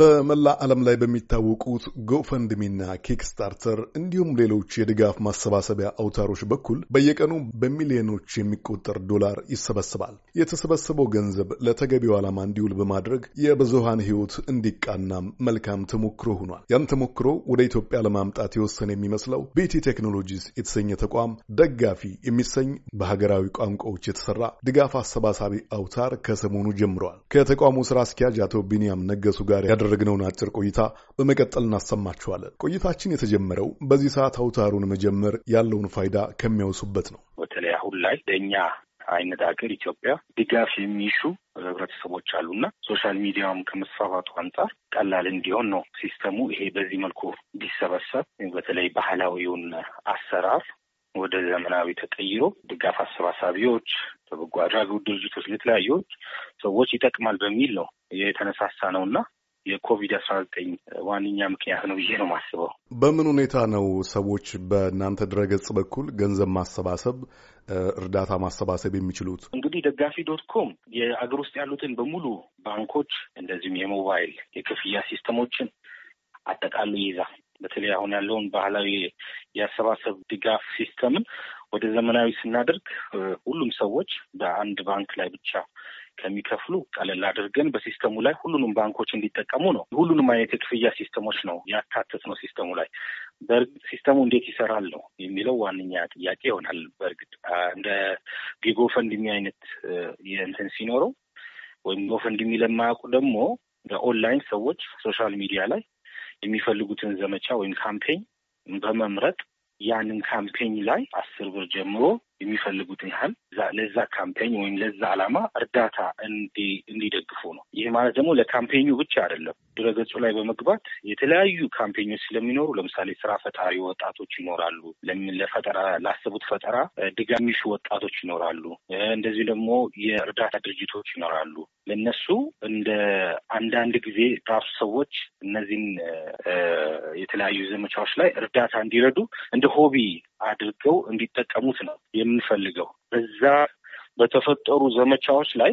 በመላ ዓለም ላይ በሚታወቁት ጎፈንድሚና ኪክስታርተር እንዲሁም ሌሎች የድጋፍ ማሰባሰቢያ አውታሮች በኩል በየቀኑ በሚሊዮኖች የሚቆጠር ዶላር ይሰበስባል። የተሰበሰበው ገንዘብ ለተገቢው ዓላማ እንዲውል በማድረግ የብዙሃን ሕይወት እንዲቃና መልካም ተሞክሮ ሆኗል። ያን ተሞክሮ ወደ ኢትዮጵያ ለማምጣት የወሰነ የሚመስለው ቢቲ ቴክኖሎጂስ የተሰኘ ተቋም ደጋፊ የሚሰኝ በሀገራዊ ቋንቋዎች የተሰራ ድጋፍ አሰባሳቢ አውታር ከሰሞኑ ጀምረዋል። ከተቋሙ ስራ አስኪያጅ አቶ ቢንያም ነገሱ ጋር ያደረግነውን አጭር ቆይታ በመቀጠል እናሰማችኋለን። ቆይታችን የተጀመረው በዚህ ሰዓት አውታሩን መጀመር ያለውን ፋይዳ ከሚያውሱበት ነው። በተለይ አሁን ላይ ለእኛ አይነት ሀገር ኢትዮጵያ ድጋፍ የሚሹ ህብረተሰቦች አሉና ሶሻል ሚዲያውም ከመስፋፋቱ አንጻር ቀላል እንዲሆን ነው ሲስተሙ። ይሄ በዚህ መልኩ እንዲሰበሰብ በተለይ ባህላዊውን አሰራር ወደ ዘመናዊ ተቀይሮ ድጋፍ አሰባሳቢዎች፣ በበጎ አድራጎት ድርጅቶች፣ ለተለያዩ ሰዎች ይጠቅማል በሚል ነው የተነሳሳ ነው እና የኮቪድ አስራ ዘጠኝ ዋነኛ ምክንያት ነው ብዬ ነው ማስበው። በምን ሁኔታ ነው ሰዎች በእናንተ ድረገጽ በኩል ገንዘብ ማሰባሰብ እርዳታ ማሰባሰብ የሚችሉት? እንግዲህ ደጋፊ ዶት ኮም የአገር ውስጥ ያሉትን በሙሉ ባንኮች፣ እንደዚሁም የሞባይል የክፍያ ሲስተሞችን አጠቃሉ ይይዛል። በተለይ አሁን ያለውን ባህላዊ የአሰባሰብ ድጋፍ ሲስተምን ወደ ዘመናዊ ስናደርግ ሁሉም ሰዎች በአንድ ባንክ ላይ ብቻ ከሚከፍሉ ቀለል አድርገን በሲስተሙ ላይ ሁሉንም ባንኮች እንዲጠቀሙ ነው። ሁሉንም አይነት የክፍያ ሲስተሞች ነው ያካተት ነው ሲስተሙ ላይ። በእርግጥ ሲስተሙ እንዴት ይሰራል ነው የሚለው ዋነኛ ጥያቄ ይሆናል። በእርግጥ እንደ ጊጎ ፈንድሚ አይነት እንትን ሲኖረው ወይም ጎፈንድሚ ለማያውቁ ደግሞ በኦንላይን ሰዎች ሶሻል ሚዲያ ላይ የሚፈልጉትን ዘመቻ ወይም ካምፔኝ በመምረጥ ያንን ካምፔኝ ላይ አስር ብር ጀምሮ የሚፈልጉትን ያህል ለዛ ካምፔኝ ወይም ለዛ ዓላማ እርዳታ እንዲደግፉ ነው። ይህ ማለት ደግሞ ለካምፔኙ ብቻ አይደለም። ድረገጹ ላይ በመግባት የተለያዩ ካምፔኞች ስለሚኖሩ ለምሳሌ ስራ ፈጣሪ ወጣቶች ይኖራሉ። ለፈጠራ ላሰቡት ፈጠራ ድጋሚሹ ወጣቶች ይኖራሉ። እንደዚህ ደግሞ የእርዳታ ድርጅቶች ይኖራሉ። ለእነሱ እንደ አንዳንድ ጊዜ ራሱ ሰዎች እነዚህን የተለያዩ ዘመቻዎች ላይ እርዳታ እንዲረዱ እንደ ሆቢ አድርገው እንዲጠቀሙት ነው የምንፈልገው። በዛ በተፈጠሩ ዘመቻዎች ላይ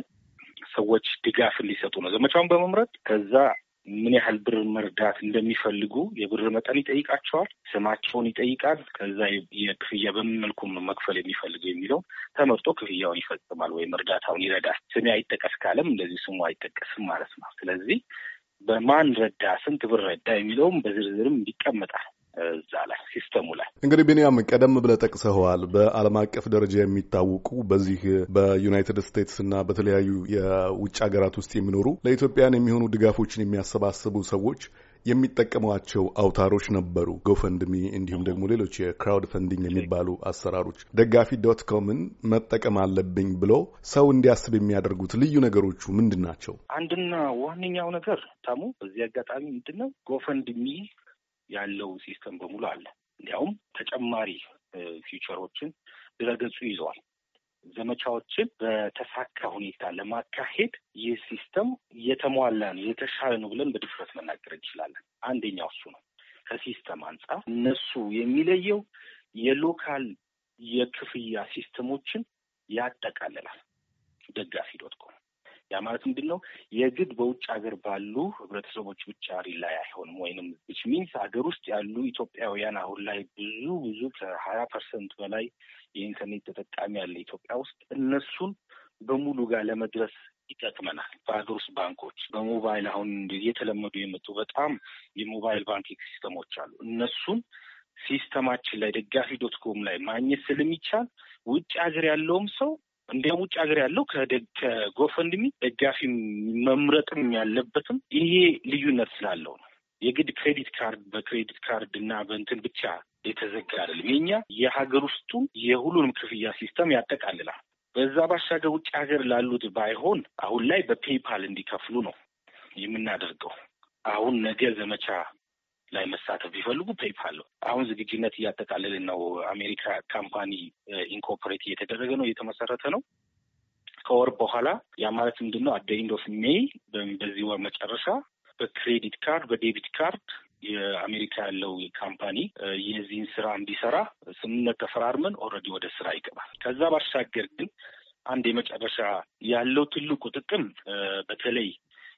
ሰዎች ድጋፍ እንዲሰጡ ነው። ዘመቻውን በመምረጥ ከዛ ምን ያህል ብር መርዳት እንደሚፈልጉ የብር መጠን ይጠይቃቸዋል። ስማቸውን ይጠይቃል። ከዛ የክፍያ በምን መልኩ መክፈል የሚፈልገው የሚለው ተመርጦ ክፍያውን ይፈጽማል ወይም እርዳታውን ይረዳል። ስሜ አይጠቀስ ካለም እንደዚህ ስሙ አይጠቀስም ማለት ነው። ስለዚህ በማን ረዳ፣ ስንት ብር ረዳ የሚለውም በዝርዝርም ይቀመጣል። እዛ ላይ ሲስተሙ ላይ እንግዲህ ቢኒያም ቀደም ብለ ጠቅሰኸዋል። በዓለም አቀፍ ደረጃ የሚታወቁ በዚህ በዩናይትድ ስቴትስ እና በተለያዩ የውጭ ሀገራት ውስጥ የሚኖሩ ለኢትዮጵያን የሚሆኑ ድጋፎችን የሚያሰባስቡ ሰዎች የሚጠቀሟቸው አውታሮች ነበሩ። ጎፈንድሚ እንዲሁም ደግሞ ሌሎች የክራውድ ፈንዲንግ የሚባሉ አሰራሮች ደጋፊ ዶት ኮምን መጠቀም አለብኝ ብሎ ሰው እንዲያስብ የሚያደርጉት ልዩ ነገሮቹ ምንድን ናቸው? አንድና ዋነኛው ነገር ታሙ በዚህ አጋጣሚ ምንድን ነው ጎፈንድሚ ያለው ሲስተም በሙሉ አለ። እንዲያውም ተጨማሪ ፊውቸሮችን ድረገጹ ይዘዋል። ዘመቻዎችን በተሳካ ሁኔታ ለማካሄድ ይህ ሲስተም የተሟላ ነው፣ የተሻለ ነው ብለን በድፍረት መናገር እንችላለን። አንደኛው እሱ ነው። ከሲስተም አንጻር እነሱ የሚለየው የሎካል የክፍያ ሲስተሞችን ያጠቃልላል። ደጋፊ ያ ማለት ምንድን ነው? የግድ በውጭ ሀገር ባሉ ህብረተሰቦች ብቻ ሪላይ አይሆንም። ወይንም ዊች ሚንስ ሀገር ውስጥ ያሉ ኢትዮጵያውያን አሁን ላይ ብዙ ብዙ ከሀያ ፐርሰንት በላይ የኢንተርኔት ተጠቃሚ ያለ ኢትዮጵያ ውስጥ እነሱን በሙሉ ጋር ለመድረስ ይጠቅመናል። በሀገር ውስጥ ባንኮች በሞባይል አሁን እየተለመዱ የመጡ በጣም የሞባይል ባንኪንግ ሲስተሞች አሉ። እነሱን ሲስተማችን ላይ ደጋፊ ዶት ኮም ላይ ማግኘት ስለሚቻል ውጭ ሀገር ያለውም ሰው እንዲያም ውጭ ሀገር ያለው ከጎፈንድሚ ደጋፊ መምረጥም ያለበትም ይሄ ልዩነት ስላለው ነው። የግድ ክሬዲት ካርድ በክሬዲት ካርድ እና በእንትን ብቻ የተዘጋ አይደለም። የኛ የሀገር ውስጡ የሁሉንም ክፍያ ሲስተም ያጠቃልላል። በዛ ባሻገር ውጭ ሀገር ላሉት ባይሆን አሁን ላይ በፔይፓል እንዲከፍሉ ነው የምናደርገው። አሁን ነገ ዘመቻ ላይ መሳተፍ ቢፈልጉ ፔይፓል አሁን ዝግጁነት እያጠቃለልን ነው። አሜሪካ ካምፓኒ ኢንኮርፖሬት እየተደረገ ነው፣ እየተመሰረተ ነው። ከወር በኋላ ያ ማለት ምንድን ነው? አደ ኢንድ ኦፍ ሜይ በዚህ ወር መጨረሻ በክሬዲት ካርድ በዴቢት ካርድ የአሜሪካ ያለው ካምፓኒ የዚህን ስራ እንዲሰራ ስምምነት ተፈራርመን ኦልሬዲ ወደ ስራ ይገባል። ከዛ ባሻገር ግን አንድ የመጨረሻ ያለው ትልቁ ጥቅም በተለይ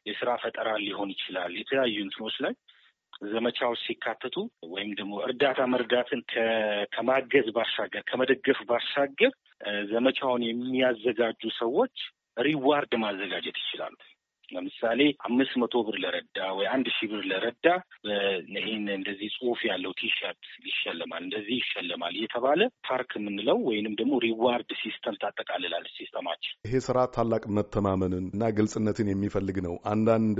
የስራ ፈጠራ ሊሆን ይችላል የተለያዩ እንትኖች ላይ ዘመቻዎች ሲካተቱ ወይም ደግሞ እርዳታ መርዳትን ከማገዝ ባሻገር ከመደገፍ ባሻገር ዘመቻውን የሚያዘጋጁ ሰዎች ሪዋርድ ማዘጋጀት ይችላሉ። ለምሳሌ አምስት መቶ ብር ለረዳ ወይ አንድ ሺህ ብር ለረዳ ይህን እንደዚህ ጽሁፍ ያለው ቲሸርት ይሸለማል፣ እንደዚህ ይሸለማል እየተባለ ፓርክ የምንለው ወይንም ደግሞ ሪዋርድ ሲስተም ታጠቃልላል ሲስተማችን። ይሄ ስራ ታላቅ መተማመንን እና ግልጽነትን የሚፈልግ ነው። አንዳንድ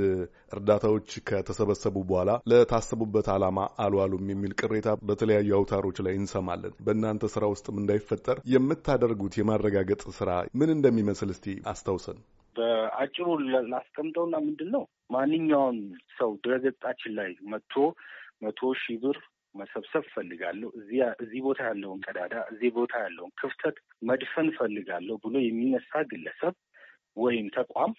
እርዳታዎች ከተሰበሰቡ በኋላ ለታሰቡበት ዓላማ አልዋሉም የሚል ቅሬታ በተለያዩ አውታሮች ላይ እንሰማለን። በእናንተ ስራ ውስጥም እንዳይፈጠር የምታደርጉት የማረጋገጥ ስራ ምን እንደሚመስል እስቲ አስታውሰን። በአጭሩ ላስቀምጠውና ምንድን ነው ማንኛውም ሰው ድረገጣችን ላይ መጥቶ መቶ ሺህ ብር መሰብሰብ ፈልጋለሁ፣ እዚህ ቦታ ያለውን ቀዳዳ፣ እዚህ ቦታ ያለውን ክፍተት መድፈን ፈልጋለሁ ብሎ የሚነሳ ግለሰብ ወይም ተቋም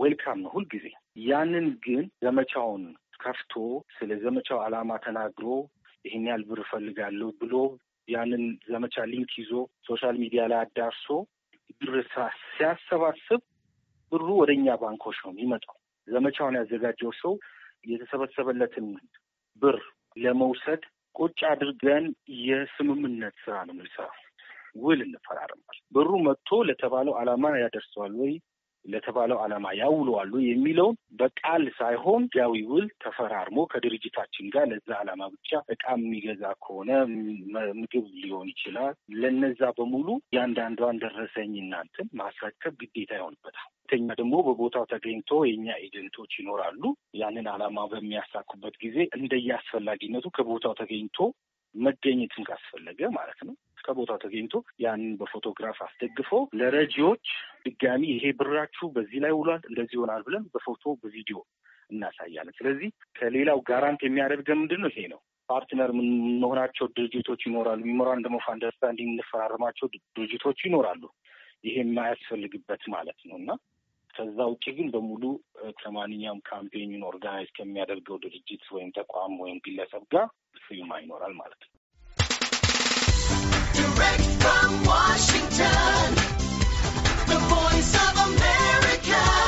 ዌልካም ነው ሁልጊዜ። ያንን ግን ዘመቻውን ከፍቶ ስለ ዘመቻው ዓላማ ተናግሮ ይህን ያህል ብር እፈልጋለሁ ብሎ ያንን ዘመቻ ሊንክ ይዞ ሶሻል ሚዲያ ላይ አዳርሶ ብር ሲያሰባስብ ብሩ ወደ እኛ ባንኮች ነው የሚመጣው። ዘመቻውን ያዘጋጀው ሰው የተሰበሰበለትን ብር ለመውሰድ ቁጭ አድርገን የስምምነት ስራ ነው የምንሰራው። ውል እንፈራረማል። ብሩ መጥቶ ለተባለው አላማ ያደርሰዋል ወይ ለተባለው ዓላማ ያውለዋሉ የሚለውን በቃል ሳይሆን ሕጋዊ ውል ተፈራርሞ ከድርጅታችን ጋር ለዛ ዓላማ ብቻ እቃ የሚገዛ ከሆነ ምግብ ሊሆን ይችላል። ለነዛ በሙሉ እያንዳንዷን ደረሰኝ እናንትን ማስረከብ ግዴታ ይሆንበታል። ሁለተኛ ደግሞ በቦታው ተገኝቶ የእኛ ኤጀንቶች ይኖራሉ። ያንን ዓላማ በሚያሳኩበት ጊዜ እንደየ አስፈላጊነቱ ከቦታው ተገኝቶ መገኘትም ካስፈለገ ማለት ነው ከቦታው ተገኝቶ ያንን በፎቶግራፍ አስደግፎ ለረጂዎች ድጋሚ ይሄ ብራችሁ በዚህ ላይ ውሏል፣ እንደዚህ ይሆናል ብለን በፎቶ በቪዲዮ እናሳያለን። ስለዚህ ከሌላው ጋራንት የሚያደርገ ምንድን ነው? ይሄ ነው። ፓርትነር የምንሆናቸው ድርጅቶች ይኖራሉ። ሜሞራንደም ኦፍ አንደርስታንዲንግ የምንፈራረማቸው ድርጅቶች ይኖራሉ። ይሄ የማያስፈልግበት ማለት ነው እና ከዛ ውጭ ግን በሙሉ ከማንኛውም ካምፔኙን ኦርጋናይዝ ከሚያደርገው ድርጅት ወይም ተቋም ወይም ግለሰብ ጋር ፍሪማ ይኖራል ማለት ነው። Direct from Washington, the voice of America.